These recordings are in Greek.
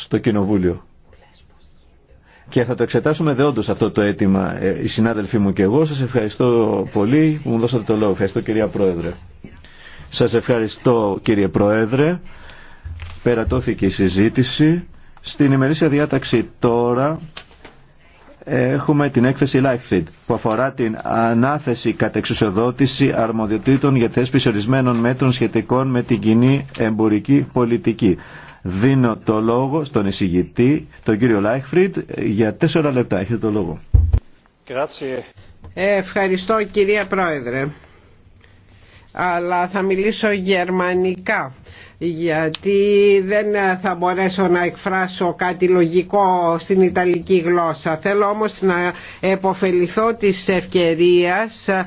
στο Κοινοβούλιο. Και θα το εξετάσουμε δεόντως αυτό το αίτημα ε, οι συνάδελφοί μου και εγώ. Σας ευχαριστώ πολύ που μου δώσατε το λόγο. Ευχαριστώ κυρία Πρόεδρε. Σας ευχαριστώ κύριε Πρόεδρε. Περατώθηκε η συζήτηση. Στην ημερήσια διάταξη τώρα έχουμε την έκθεση LifeFit που αφορά την ανάθεση κατεξουσιοδότηση αρμοδιοτήτων για θέσπιση ορισμένων μέτρων σχετικών με την κοινή εμπορική πολιτική. Δίνω το λόγο στον εισηγητή, τον κύριο Λάιχφριντ, για τέσσερα λεπτά. Έχετε το λόγο. Ευχαριστώ κυρία Πρόεδρε. Αλλά θα μιλήσω γερμανικά γιατί δεν θα μπορέσω να εκφράσω κάτι λογικό στην Ιταλική γλώσσα. Θέλω όμως να επωφεληθώ της ευκαιρίας ε,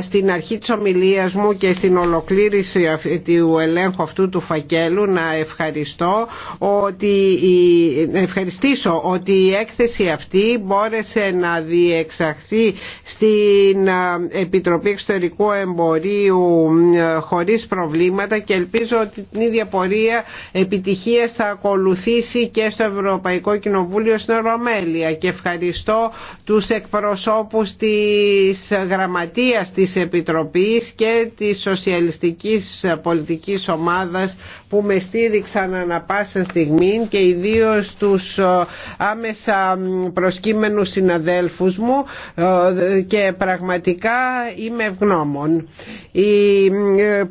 στην αρχή της ομιλίας μου και στην ολοκλήρηση του ελέγχου αυτού του φακέλου να ευχαριστώ ότι, ευχαριστήσω ότι η έκθεση αυτή μπόρεσε να διεξαχθεί στην ε, Επιτροπή Εξωτερικού Εμπορίου ε, χωρίς προβλήματα και ελπίζω ότι ίδια πορεία επιτυχίας θα ακολουθήσει και στο Ευρωπαϊκό Κοινοβούλιο στην Ρωμέλεια και ευχαριστώ τους εκπροσώπους της Γραμματείας της Επιτροπής και της Σοσιαλιστικής Πολιτικής Ομάδας που με στήριξαν ανα πάσα στιγμή και ιδίως τους ε, άμεσα προσκύμενους συναδέλφους μου ε, και πραγματικά είμαι ευγνώμων. Η ε,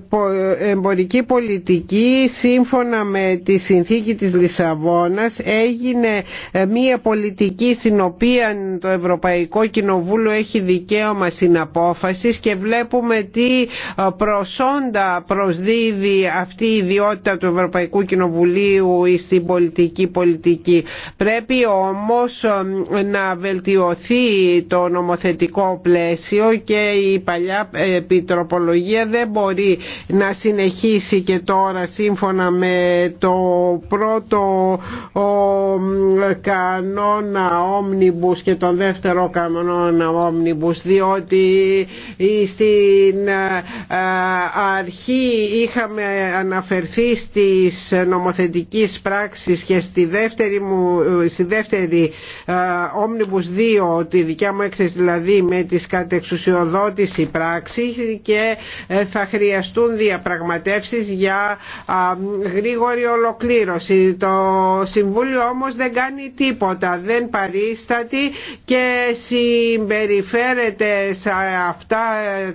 εμπορική πολιτική σύμφωνα με τη συνθήκη της Λισαβόνας έγινε ε, μια πολιτική στην οποία το Ευρωπαϊκό Κοινοβούλιο έχει δικαίωμα συναπόφασης και βλέπουμε τι ε, προσόντα προσδίδει αυτή η ιδιότητα του Ευρωπαϊκού Κοινοβουλίου στην πολιτική πολιτική. Πρέπει όμως ε, να βελτιωθεί το νομοθετικό πλαίσιο και η παλιά επιτροπολογία δεν μπορεί να συνεχίσει και τώρα σύμφωνα με το πρώτο κανόνα όμνιμπους και τον δεύτερο κανόνα όμνιμπους διότι στην ε, αρχή είχαμε αναφερθεί στις νομοθετικής πράξεις και στη δεύτερη, μου, στη δεύτερη όμνιμπους ε, 2 τη δικιά μου έκθεση δηλαδή με τις κατεξουσιοδότηση πράξη και ε, θα χρειαστούν διαπραγματεύσεις για γρήγορη ολοκλήρωση. Το Συμβούλιο όμως δεν κάνει τίποτα, δεν παρίσταται και συμπεριφέρεται σε αυτά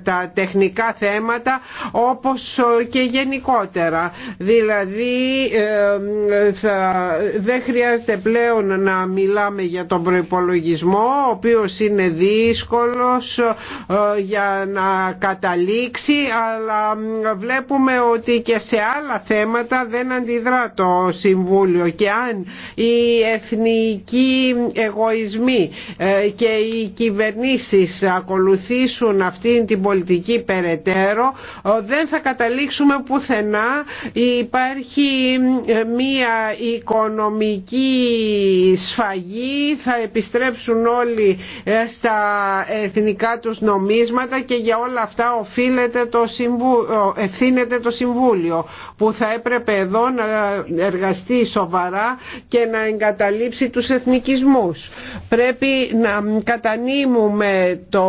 τα τεχνικά θέματα όπως και γενικότερα. Δηλαδή ε, δεν χρειάζεται πλέον να μιλάμε για τον προϋπολογισμό ο οποίος είναι δύσκολος ε, για να καταλήξει αλλά ε, βλέπουμε ότι και σε άλλα θέματα δεν αντιδρά το Συμβούλιο και αν οι εθνικοί εγωισμοί ε, και οι κυβερνήσεις ακολουθήσουν αυτήν την πολιτική περαιτέρω ε, δεν θα καταλήξουμε πουθενά υπάρχει ε, μία οικονομική σφαγή θα επιστρέψουν όλοι στα εθνικά τους νομίσματα και για όλα αυτά οφείλεται το Συμβούλιο, ευθύνεται το Συμβούλιο που που θα έπρεπε εδώ να εργαστεί σοβαρά και να εγκαταλείψει τους εθνικισμούς. Πρέπει να κατανείμουμε το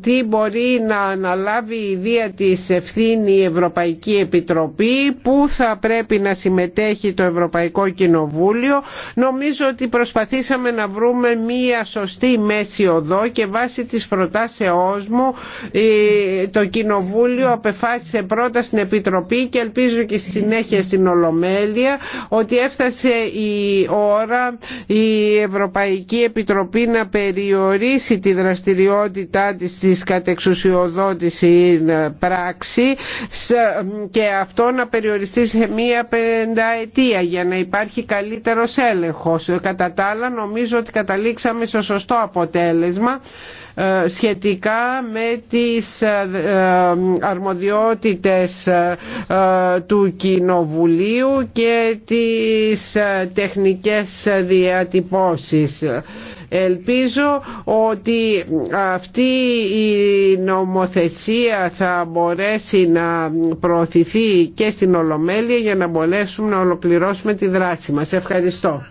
τι μπορεί να αναλάβει η ιδία της ευθύνη η Ευρωπαϊκή Επιτροπή, που θα πρέπει να συμμετέχει το Ευρωπαϊκό Κοινοβούλιο. Νομίζω ότι προσπαθήσαμε να βρούμε μία σωστή μέση οδό και βάσει της προτάσεώς μου ε, το Κοινοβούλιο απεφάσισε πρώτα στην Επιτροπή και ελπίζω και συνέχεια στην Ολομέλεια ότι έφτασε η ώρα η Ευρωπαϊκή Επιτροπή να περιορίσει τη δραστηριότητά της στις κατεξουσιοδότηση πράξη και αυτό να περιοριστεί σε μία πενταετία για να υπάρχει καλύτερος έλεγχος. Κατά τα άλλα νομίζω ότι καταλήξαμε στο σωστό αποτέλεσμα ε, σχετικά με τις ε, ε, αρμοδιότητες του Κοινοβουλίου και τις τεχνικές διατυπώσεις. Ελπίζω ότι αυτή η νομοθεσία θα μπορέσει να προωθηθεί και στην Ολομέλεια για να μπορέσουμε να ολοκληρώσουμε τη δράση μας. Ευχαριστώ.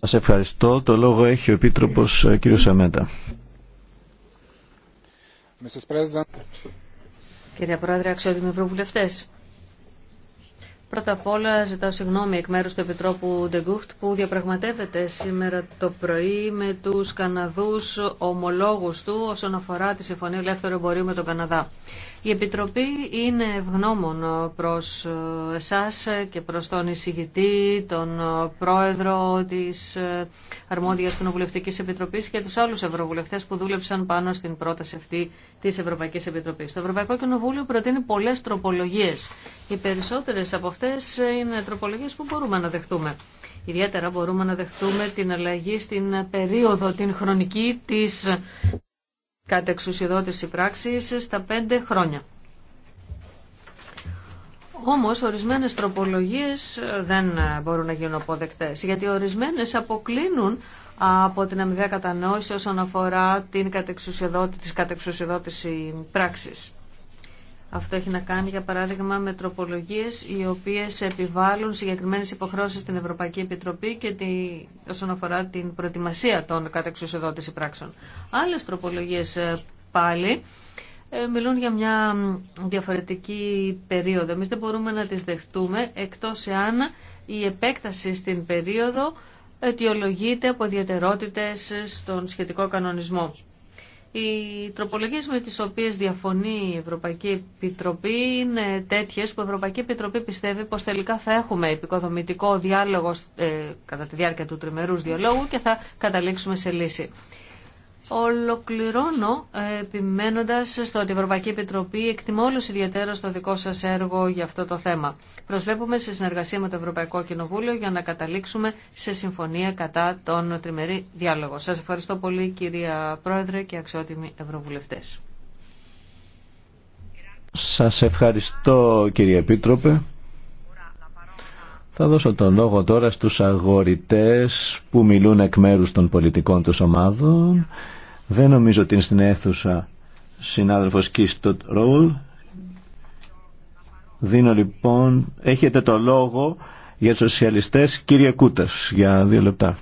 Σας ευχαριστώ. Το λόγο έχει ο Επίτροπος κ. Σαμέτα. Κύριε Πρόεδρε, αξιότιμοι ευρωβουλευτέ. Πρώτα απ' όλα ζητάω συγγνώμη εκ μέρους του Επιτρόπου Ντεγκούχτ που διαπραγματεύεται σήμερα το πρωί με τους Καναδούς ομολόγους του όσον αφορά τη Συμφωνία Ελεύθερου Εμπορίου με τον Καναδά. Η Επιτροπή είναι ευγνώμων προς ε, εσάς και προς τον εισηγητή, τον ε, πρόεδρο της ε, Αρμόδιας Κοινοβουλευτικής Επιτροπής και τους άλλους ευρωβουλευτές που δούλεψαν πάνω στην πρόταση αυτή της Ευρωπαϊκής Επιτροπής. Το Ευρωπαϊκό Κοινοβούλιο προτείνει πολλές τροπολογίες. Οι περισσότερες από αυτές είναι τροπολογίες που μπορούμε να δεχτούμε. Ιδιαίτερα μπορούμε να δεχτούμε την αλλαγή στην περίοδο, την χρονική της κατ' εξουσιοδότηση πράξης στα πέντε χρόνια. Όμως ορισμένες τροπολογίες δεν μπορούν να γίνουν αποδεκτές, γιατί ορισμένες αποκλίνουν από την αμοιβαία κατανόηση όσον αφορά την κατεξουσιοδότη, της κατεξουσιοδότηση πράξης. Αυτό έχει να κάνει, για παράδειγμα, με τροπολογίε οι οποίε επιβάλλουν συγκεκριμένε υποχρεώσει στην Ευρωπαϊκή Επιτροπή και τη, όσον αφορά την προετοιμασία των κατεξουσιοδότηση πράξεων. Άλλε τροπολογίε ε, πάλι ε, μιλούν για μια διαφορετική περίοδο. Εμεί δεν μπορούμε να τις δεχτούμε εκτός εάν η επέκταση στην περίοδο αιτιολογείται από ιδιαιτερότητε στον σχετικό κανονισμό. Οι τροπολογίε με τις οποίες διαφωνεί η Ευρωπαϊκή Επιτροπή είναι τέτοιες που η Ευρωπαϊκή Επιτροπή πιστεύει πως τελικά θα έχουμε επικοδομητικό διάλογο ε, κατά τη διάρκεια του τριμερούς διαλόγου και θα καταλήξουμε σε λύση. Ολοκληρώνω ε, επιμένοντα στο ότι η Ευρωπαϊκή Επιτροπή εκτιμά όλου ιδιαίτερα το δικό σα έργο για αυτό το θέμα. Προσβλέπουμε σε συνεργασία με το Ευρωπαϊκό Κοινοβούλιο για να καταλήξουμε σε συμφωνία κατά τον τριμερή διάλογο. Σα ευχαριστώ πολύ, κυρία Πρόεδρε και αξιότιμοι Ευρωβουλευτέ. Σα ευχαριστώ κύριε Επίτροπε. Θα δώσω τον λόγο τώρα στους αγορητές που μιλούν εκ μέρους των πολιτικών τους ομάδων. Δεν νομίζω ότι είναι στην αίθουσα συνάδελφος Κίστοτ Ρόουλ. Δίνω λοιπόν, έχετε το λόγο για τους σοσιαλιστές, κύριε Κούτας, για δύο λεπτά.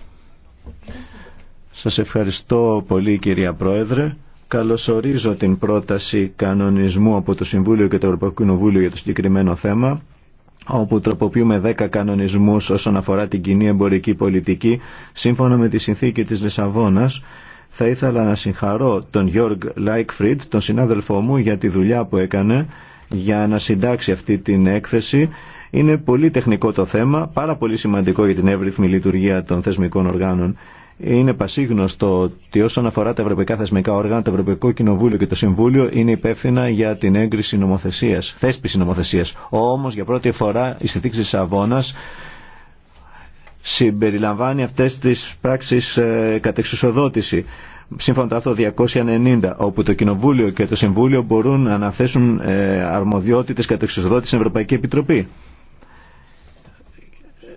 Σας ευχαριστώ πολύ κυρία Πρόεδρε. Καλωσορίζω την πρόταση κανονισμού από το Συμβούλιο και το Ευρωπαϊκό Κοινοβούλιο για το συγκεκριμένο θέμα όπου τροποποιούμε δέκα κανονισμούς όσον αφορά την κοινή εμπορική πολιτική σύμφωνα με τη συνθήκη της Λισαβόνας θα ήθελα να συγχαρώ τον Γιώργ Λάικφριντ, τον συνάδελφό μου, για τη δουλειά που έκανε για να συντάξει αυτή την έκθεση. Είναι πολύ τεχνικό το θέμα, πάρα πολύ σημαντικό για την εύρυθμη λειτουργία των θεσμικών οργάνων. Είναι πασίγνωστο ότι όσον αφορά τα ευρωπαϊκά θεσμικά όργανα, το Ευρωπαϊκό Κοινοβούλιο και το Συμβούλιο είναι υπεύθυνα για την έγκριση νομοθεσία, θέσπιση νομοθεσία. Όμω για πρώτη φορά η συνθήκη τη συμπεριλαμβάνει αυτές τις πράξεις ε, κατεξουσοδότηση σύμφωνα το άρθρο 290, όπου το Κοινοβούλιο και το Συμβούλιο μπορούν να αναθέσουν ε, αρμοδιότητες κατεξουσοδότηση στην Ευρωπαϊκή Επιτροπή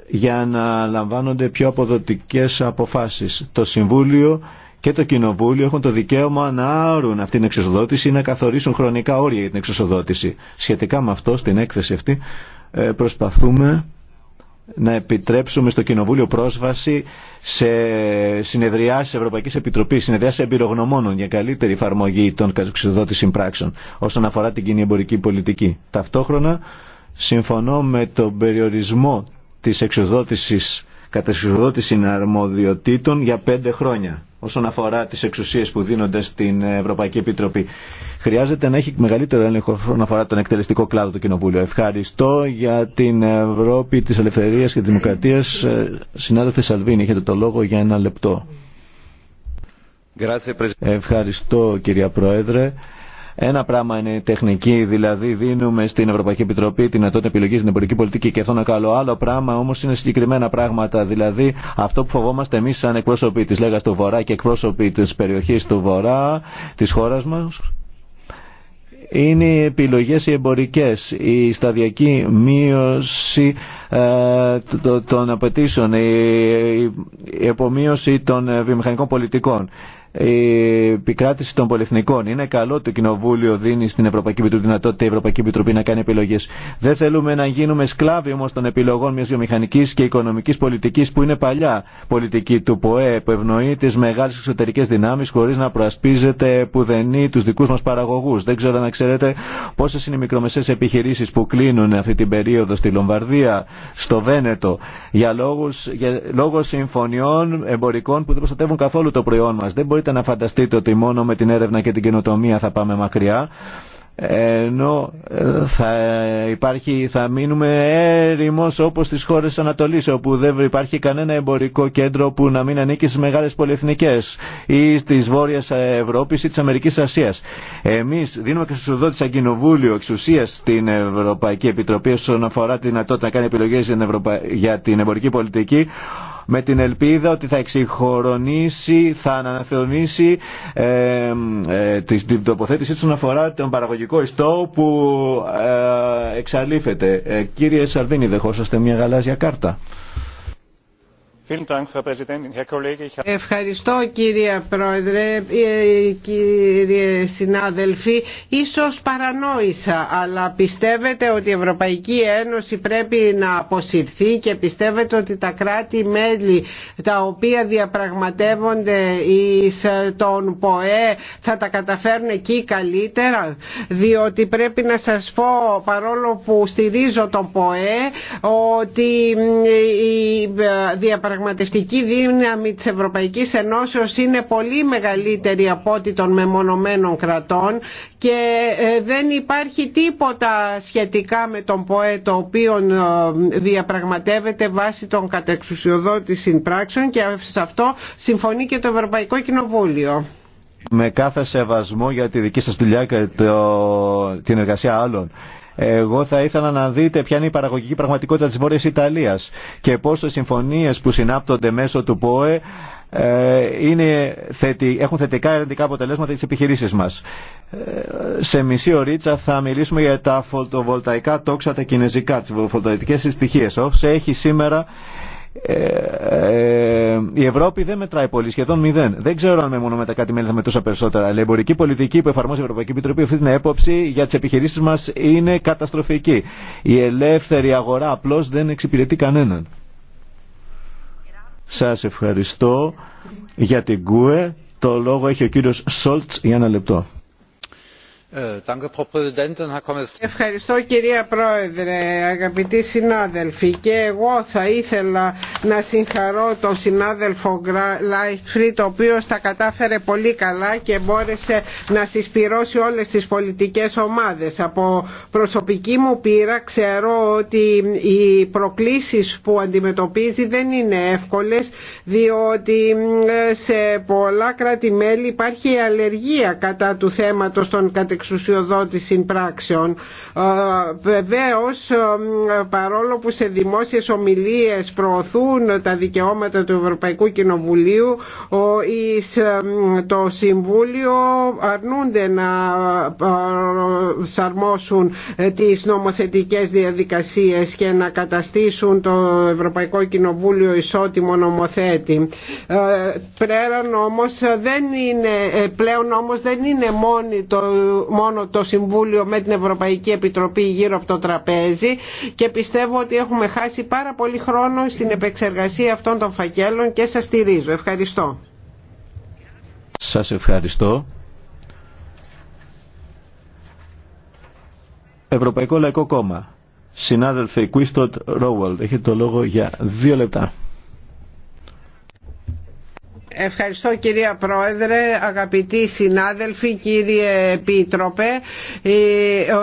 για να λαμβάνονται πιο αποδοτικές αποφάσεις. Το Συμβούλιο και το Κοινοβούλιο έχουν το δικαίωμα να άρουν αυτή την εξουσοδότηση ή να καθορίσουν χρονικά όρια για την εξουσοδότηση. Σχετικά με αυτό, στην έκθεση αυτή, ε, προσπαθούμε να επιτρέψουμε στο Κοινοβούλιο πρόσβαση σε συνεδριάσει Ευρωπαϊκή Επιτροπή, συνεδριάσει εμπειρογνωμόνων για καλύτερη εφαρμογή των κατοξιδότη συμπράξεων όσον αφορά την κοινή εμπορική πολιτική. Ταυτόχρονα, συμφωνώ με τον περιορισμό της εξοδότησης κατεξοδότηση αρμοδιοτήτων για πέντε χρόνια όσον αφορά τις εξουσίες που δίνονται στην Ευρωπαϊκή Επιτροπή. Χρειάζεται να έχει μεγαλύτερο έλεγχο όσον αφορά τον εκτελεστικό κλάδο του Κοινοβούλιο. Ευχαριστώ για την Ευρώπη της Ελευθερίας και της Δημοκρατίας. Ε, συνάδελφε Σαλβίνη, έχετε το λόγο για ένα λεπτό. Ευχαριστώ κυρία Πρόεδρε. Ένα πράγμα είναι τεχνική, δηλαδή δίνουμε στην Ευρωπαϊκή Επιτροπή την δυνατότητα επιλογή στην εμπορική πολιτική και αυτό είναι καλό. Άλλο πράγμα όμω είναι συγκεκριμένα πράγματα. Δηλαδή αυτό που φοβόμαστε εμεί σαν εκπρόσωποι τη Λέγα του Βορρά και εκπρόσωποι τη περιοχή του Βορρά, τη χώρα μα, είναι οι επιλογές οι εμπορικές, η σταδιακή μείωση ε, των απαιτήσεων, η, η επομείωση των ε, βιομηχανικών πολιτικών η επικράτηση των πολυεθνικών. Είναι καλό το Κοινοβούλιο δίνει στην Ευρωπαϊκή Επιτροπή δυνατότητα η Ευρωπαϊκή Επιτροπή να κάνει επιλογέ. Δεν θέλουμε να γίνουμε σκλάβοι όμω των επιλογών μια βιομηχανική και οικονομική πολιτική που είναι παλιά πολιτική του ΠΟΕ, που ευνοεί τι μεγάλε εξωτερικέ δυνάμει χωρί να προασπίζεται πουδενή του δικού μα παραγωγού. Δεν ξέρω να ξέρετε πόσε είναι οι μικρομεσαίε επιχειρήσει που κλείνουν αυτή την περίοδο στη Λομβαρδία, στο Βένετο, για λόγου λόγω συμφωνιών εμπορικών που δεν προστατεύουν καθόλου το προϊόν μα μπορείτε να φανταστείτε ότι μόνο με την έρευνα και την καινοτομία θα πάμε μακριά ενώ ε, θα, υπάρχει, θα μείνουμε έρημος όπως στις χώρες της Ανατολής όπου δεν υπάρχει κανένα εμπορικό κέντρο που να μην ανήκει στις μεγάλες πολυεθνικές ή στις Βόρειας Ευρώπης ή της Αμερικής Ασίας. Εμείς δίνουμε και στους σαν κοινοβούλιο εξουσία στην Ευρωπαϊκή Επιτροπή όσον αφορά τη δυνατότητα να κάνει επιλογές για την εμπορική πολιτική με την ελπίδα ότι θα εξυγχρονίσει, θα αναθεωρήσει ε, ε, την τοποθέτησή του αφορά τον παραγωγικό ιστό που ε, εξαλείφεται. Ε, κύριε Σαρδίνη, δεχόσαστε μια γαλάζια κάρτα. Ευχαριστώ κύριε Πρόεδρε, ε, κύριε συνάδελφοι. Ίσως παρανόησα, αλλά πιστεύετε ότι η Ευρωπαϊκή Ένωση πρέπει να αποσυρθεί και πιστεύετε ότι τα κράτη-μέλη τα οποία διαπραγματεύονται εις τον ΠΟΕ θα τα καταφέρουν εκεί καλύτερα. Διότι πρέπει να σας πω, παρόλο που στηρίζω τον ΠΟΕ, ότι ε, η ε, διαπραγματεύονται διαπραγματευτική δύναμη της Ευρωπαϊκής Ενώσεως είναι πολύ μεγαλύτερη από ό,τι των μεμονωμένων κρατών και ε, δεν υπάρχει τίποτα σχετικά με τον ποέτο το οποίο ε, διαπραγματεύεται βάσει των κατεξουσιοδότης συμπράξεων και σε αυτό συμφωνεί και το Ευρωπαϊκό Κοινοβούλιο. Με κάθε σεβασμό για τη δική σας δουλειά και την εργασία άλλων. Εγώ θα ήθελα να δείτε ποια είναι η παραγωγική πραγματικότητα της Βόρειας Ιταλίας και πόσες συμφωνίες που συνάπτονται μέσω του ΠΟΕ ε, είναι, έχουν θετικά ερευνητικά αποτελέσματα τις επιχειρήσεις μας. Ε, σε μισή ωρίτσα θα μιλήσουμε για τα φωτοβολταϊκά τόξα τα κινέζικα, τις φωτοβολταϊκές συστοιχίες. έχει σήμερα ε, ε, η Ευρώπη δεν μετράει πολύ, σχεδόν μηδέν. Δεν ξέρω αν με μόνο με τα κάτι μέλη θα μετούσα περισσότερα. Αλλά η εμπορική πολιτική που εφαρμόζει η Ευρωπαϊκή Επιτροπή αυτή την έποψη για τι επιχειρήσει μα είναι καταστροφική. Η ελεύθερη αγορά απλώ δεν εξυπηρετεί κανέναν. Σα ευχαριστώ για την ΚΟΕ. Το λόγο έχει ο κύριο Σόλτ για ένα λεπτό. Ε, Ευχαριστώ κυρία Πρόεδρε, αγαπητοί συνάδελφοι και εγώ θα ήθελα να συγχαρώ τον συνάδελφο Λάιχτφριτ το οποίο τα κατάφερε πολύ καλά και μπόρεσε να συσπυρώσει όλες τις πολιτικές ομάδες. Από προσωπική μου πείρα ξέρω ότι οι προκλήσεις που αντιμετωπίζει δεν είναι εύκολες διότι ε, σε πολλά κράτη-μέλη υπάρχει αλλεργία κατά του θέματος των εξουσιοδότηση πράξεων. Ε, Βεβαίω, ε, παρόλο που σε δημόσιες ομιλίες προωθούν τα δικαιώματα του Ευρωπαϊκού Κοινοβουλίου, ε, το Συμβούλιο αρνούνται να σαρμόσουν τις νομοθετικές διαδικασίες και να καταστήσουν το Ευρωπαϊκό Κοινοβούλιο ισότιμο νομοθέτη. Πλέον όμως δεν είναι, πλέον όμως δεν είναι μόνοι το μόνο το Συμβούλιο με την Ευρωπαϊκή Επιτροπή γύρω από το τραπέζι και πιστεύω ότι έχουμε χάσει πάρα πολύ χρόνο στην επεξεργασία αυτών των φακέλων και σας στηρίζω. Ευχαριστώ. Σας ευχαριστώ. Ευρωπαϊκό Λαϊκό Κόμμα. Συνάδελφε Κουίστοτ Ρόουαλτ, έχετε το λόγο για δύο λεπτά. Ευχαριστώ κυρία Πρόεδρε, αγαπητοί συνάδελφοι, κύριε Επίτροπε.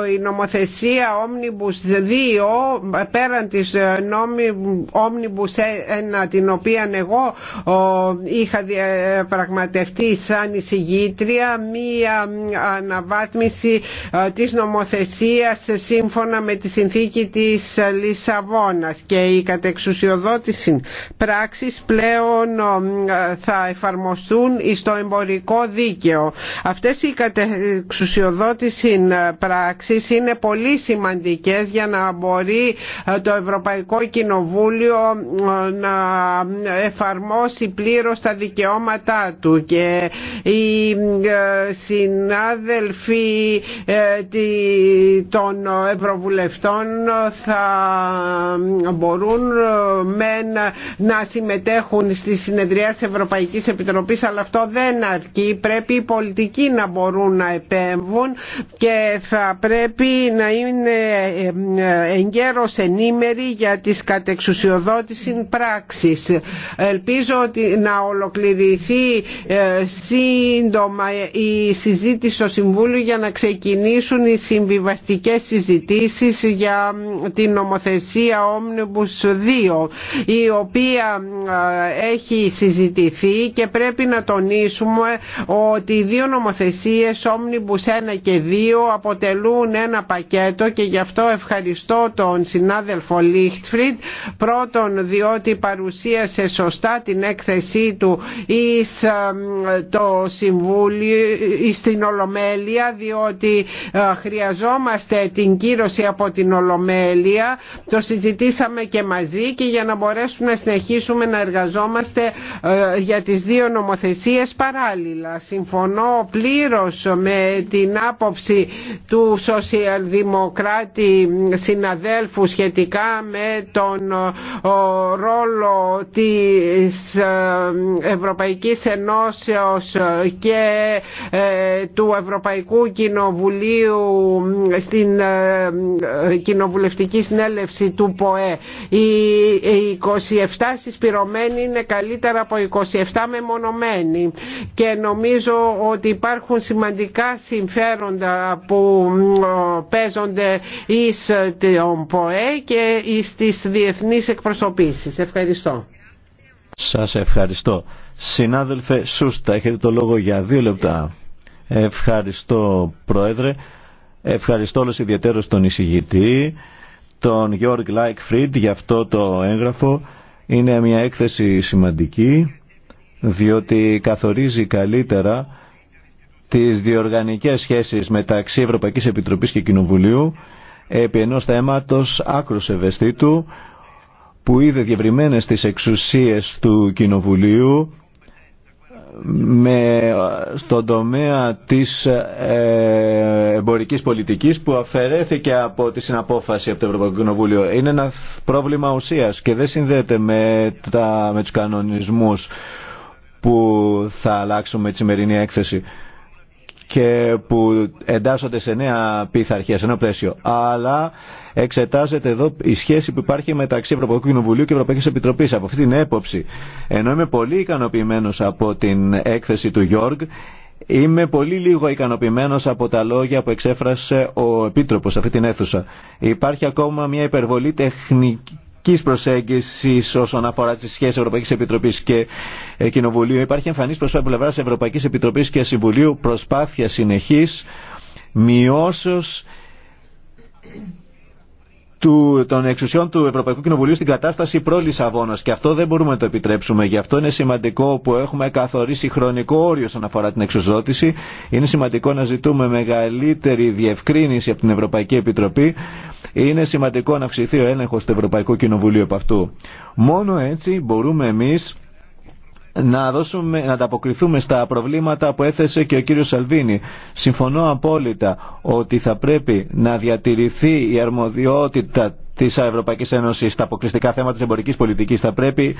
Η νομοθεσία Omnibus 2, πέραν της ε, Omnibus 1, ε, την οποία εγώ είχα διαπραγματευτεί σαν εισηγήτρια, μία αναβάθμιση ε, της νομοθεσίας σύμφωνα με τη συνθήκη της Λισαβόνας και η κατεξουσιοδότηση πράξης πλέον θα εφαρμοστούν στο εμπορικό δίκαιο. Αυτές οι κατεξουσιοδότηση πράξεις είναι πολύ σημαντικές για να μπορεί ε, το Ευρωπαϊκό Κοινοβούλιο ε, να εφαρμόσει πλήρως τα δικαιώματά του και οι ε, συνάδελφοι των Ευρωβουλευτών θα μπορούν μεν να συμμετέχουν στη συνεδρία Ευρωπαϊκής Ευρωπαϊκής Επιτροπής αλλά αυτό δεν αρκεί πρέπει οι πολιτικοί να μπορούν να επέμβουν και θα πρέπει να είναι ε, εγκαίρως ενήμεροι για τις κατεξουσιοδότηση πράξεις ελπίζω ότι να ολοκληρηθεί ε, σύντομα η συζήτηση στο Συμβούλιο για να ξεκινήσουν οι συμβιβαστικές συζητήσεις για την νομοθεσία Omnibus 2 η οποία ε, έχει συζητηθεί και πρέπει να τονίσουμε ότι οι δύο νομοθεσίες Omnibus 1 και 2 αποτελούν ένα πακέτο και γι' αυτό ευχαριστώ τον συνάδελφο Λίχτφριντ πρώτον διότι παρουσίασε σωστά την έκθεσή του εις ε, το Συμβούλιο στην Ολομέλεια διότι ε, χρειαζόμαστε την κύρωση από την Ολομέλεια το συζητήσαμε και μαζί και για να μπορέσουμε να συνεχίσουμε να εργαζόμαστε ε, για τις δύο νομοθεσίες παράλληλα. Συμφωνώ πλήρως με την άποψη του σοσιαλδημοκράτη συναδέλφου σχετικά με τον ρόλο της ε, Ευρωπαϊκής Ενώσεως και ε, του Ευρωπαϊκού Κοινοβουλίου στην ε, Κοινοβουλευτική Συνέλευση του ΠΟΕ. Οι 27 συσπηρωμένοι είναι καλύτερα από 27 αυτά μεμονωμένοι και νομίζω ότι υπάρχουν σημαντικά συμφέροντα που παίζονται εις ε, τον ΠΟΕ και εις τις διεθνείς εκπροσωπήσεις. Ευχαριστώ. Σας ευχαριστώ. Συνάδελφε Σούστα, έχετε το λόγο για δύο λεπτά. Ευχαριστώ Πρόεδρε. Ευχαριστώ όλους ιδιαίτερως τον εισηγητή, τον Γιώργ Λάικ Φρίντ για αυτό το έγγραφο. Είναι μια έκθεση σημαντική διότι καθορίζει καλύτερα τις διοργανικές σχέσεις μεταξύ Ευρωπαϊκής Επιτροπής και Κοινοβουλίου επί ενός θέματος βεστή ευαισθήτου που είδε διευρυμένες τις εξουσίες του Κοινοβουλίου με, στον τομέα της ε, εμπορικής πολιτικής που αφαιρέθηκε από τη συναπόφαση από το Ευρωπαϊκό Κοινοβούλιο. Είναι ένα πρόβλημα ουσίας και δεν συνδέεται με, τα, με που θα αλλάξουμε τη σημερινή έκθεση και που εντάσσονται σε νέα πειθαρχία, σε νέο πλαίσιο. Αλλά εξετάζεται εδώ η σχέση που υπάρχει μεταξύ Ευρωπαϊκού Κοινοβουλίου και Ευρωπαϊκής Επιτροπής. Από αυτή την έποψη, ενώ είμαι πολύ ικανοποιημένος από την έκθεση του Γιώργ, είμαι πολύ λίγο ικανοποιημένος από τα λόγια που εξέφρασε ο Επίτροπος σε αυτή την αίθουσα. Υπάρχει ακόμα μια υπερβολή τεχνική θετικής προσέγγιση όσον αφορά τι σχέσει Ευρωπαϊκής Επιτροπής και ε, Κοινοβουλίου. Υπάρχει εμφανής προσπάθεια πλευρά Ευρωπαϊκής Επιτροπής και Συμβουλίου προσπάθεια συνεχή μειώσεως του, των εξουσιών του Ευρωπαϊκού Κοινοβουλίου στην κατάσταση προ-Λισαβόνα. Και αυτό δεν μπορούμε να το επιτρέψουμε. Γι' αυτό είναι σημαντικό που έχουμε καθορίσει χρονικό όριο όσον αφορά την εξουσδότηση. Είναι σημαντικό να ζητούμε μεγαλύτερη διευκρίνηση από την Ευρωπαϊκή Επιτροπή. Είναι σημαντικό να αυξηθεί ο έλεγχο του Ευρωπαϊκού Κοινοβουλίου από αυτού. Μόνο έτσι μπορούμε εμεί να, δώσουμε, να ανταποκριθούμε στα προβλήματα που έθεσε και ο κύριος Σαλβίνη. Συμφωνώ απόλυτα ότι θα πρέπει να διατηρηθεί η αρμοδιότητα της Ευρωπαϊκής Ένωσης στα αποκλειστικά θέματα της εμπορικής πολιτικής. Θα πρέπει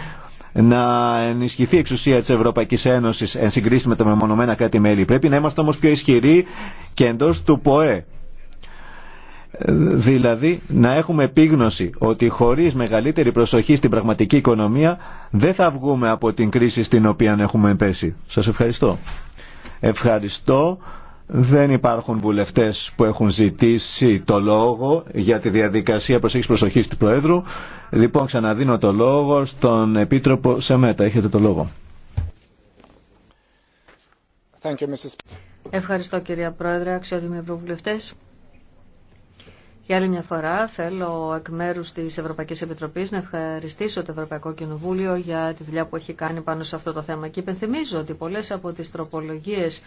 να ενισχυθεί η εξουσία της Ευρωπαϊκής Ένωσης εν συγκρίση με τα μεμονωμένα κάτι μέλη. Πρέπει να είμαστε όμως πιο ισχυροί και εντός του ΠΟΕ Δηλαδή να έχουμε επίγνωση ότι χωρίς μεγαλύτερη προσοχή στην πραγματική οικονομία δεν θα βγούμε από την κρίση στην οποία έχουμε πέσει. Σας ευχαριστώ. Ευχαριστώ. Δεν υπάρχουν βουλευτές που έχουν ζητήσει το λόγο για τη διαδικασία προσέχης προσοχής του Προέδρου. Λοιπόν, ξαναδίνω το λόγο στον Επίτροπο Σεμέτα. Έχετε το λόγο. Ευχαριστώ κυρία Πρόεδρε, αξιότιμοι ευρωβουλευτές. Για άλλη μια φορά θέλω εκ μέρους της Ευρωπαϊκής Επιτροπής να ευχαριστήσω το Ευρωπαϊκό Κοινοβούλιο για τη δουλειά που έχει κάνει πάνω σε αυτό το θέμα. Και υπενθυμίζω ότι πολλές από τις τροπολογίες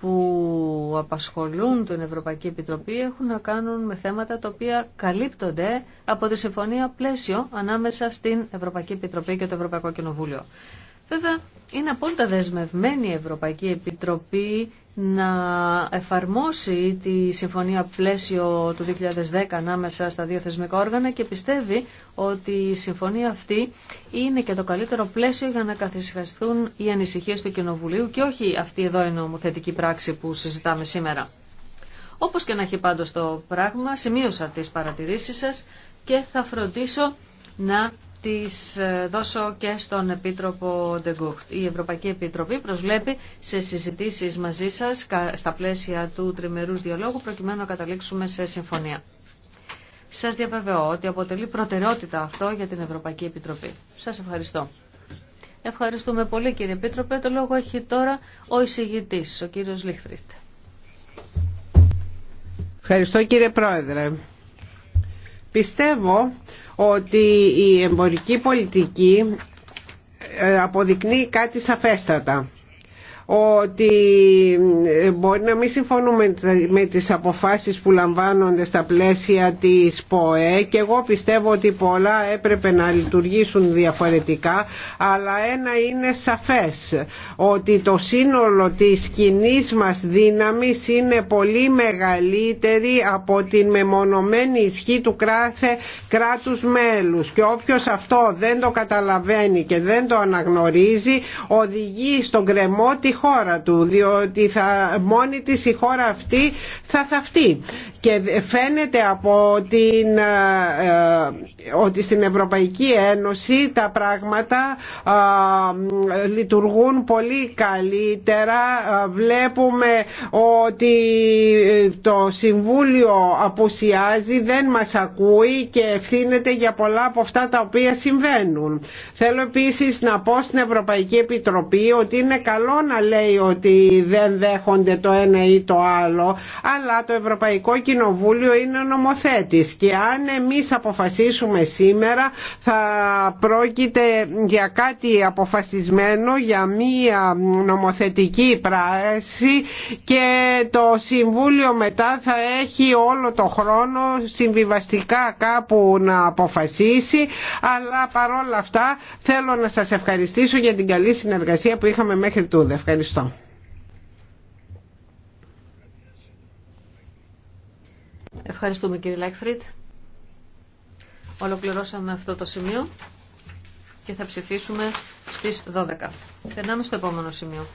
που απασχολούν την Ευρωπαϊκή Επιτροπή έχουν να κάνουν με θέματα τα οποία καλύπτονται από τη συμφωνία πλαίσιο ανάμεσα στην Ευρωπαϊκή Επιτροπή και το Ευρωπαϊκό Κοινοβούλιο. Βέβαια, είναι απόλυτα δεσμευμένη η Ευρωπαϊκή Επιτροπή να εφαρμόσει τη συμφωνία πλαίσιο του 2010 ανάμεσα στα δύο θεσμικά όργανα και πιστεύει ότι η συμφωνία αυτή είναι και το καλύτερο πλαίσιο για να καθυσχαστούν οι ανησυχίες του Κοινοβουλίου και όχι αυτή εδώ η νομοθετική πράξη που συζητάμε σήμερα. Όπως και να έχει πάντως το πράγμα, σημείωσα τις παρατηρήσεις σας και θα φροντίσω να τις ε, δώσω και στον Επίτροπο Ντεγκούχτ. Η Ευρωπαϊκή Επιτροπή προσβλέπει σε συζητήσεις μαζί σας στα πλαίσια του τριμερούς διαλόγου προκειμένου να καταλήξουμε σε συμφωνία. Σας διαβεβαιώ ότι αποτελεί προτεραιότητα αυτό για την Ευρωπαϊκή Επιτροπή. Σας ευχαριστώ. Ευχαριστούμε πολύ κύριε Επίτροπε. Το λόγο έχει τώρα ο εισηγητής, ο κύριος Λίχθριτ. Ευχαριστώ κύριε Πρόεδρε. Πιστεύω ότι η εμπορική πολιτική ε, αποδεικνύει κάτι σαφέστατα ότι ε, μπορεί να μην συμφωνούμε με τις αποφάσεις που λαμβάνονται στα πλαίσια της ΠΟΕ και εγώ πιστεύω ότι πολλά έπρεπε να λειτουργήσουν διαφορετικά αλλά ένα είναι σαφές ότι το σύνολο της κοινή μας δύναμης είναι πολύ μεγαλύτερη από την μεμονωμένη ισχύ του κράθε κράτους μέλους και όποιος αυτό δεν το καταλαβαίνει και δεν το αναγνωρίζει οδηγεί στον κρεμό χώρα του διότι θα, μόνη της η χώρα αυτή θα θαυτεί και φαίνεται από την, ε, ε, ότι στην Ευρωπαϊκή Ένωση τα πράγματα ε, λειτουργούν πολύ καλύτερα. Βλέπουμε ότι το Συμβούλιο απουσιάζει, δεν μας ακούει και ευθύνεται για πολλά από αυτά τα οποία συμβαίνουν. Θέλω επίσης να πω στην Ευρωπαϊκή Επιτροπή ότι είναι καλό να λέει ότι δεν δέχονται το ένα ή το άλλο, αλλά το Ευρωπαϊκό Κοινοβούλιο Κοινοβούλιο είναι νομοθέτης και αν εμείς αποφασίσουμε σήμερα θα πρόκειται για κάτι αποφασισμένο, για μία νομοθετική πράση και το Συμβούλιο μετά θα έχει όλο το χρόνο συμβιβαστικά κάπου να αποφασίσει αλλά παρόλα αυτά θέλω να σας ευχαριστήσω για την καλή συνεργασία που είχαμε μέχρι τούδε. Ευχαριστώ. Ευχαριστούμε κύριε Όλο Ολοκληρώσαμε αυτό το σημείο και θα ψηφίσουμε στις 12. Περνάμε στο επόμενο σημείο.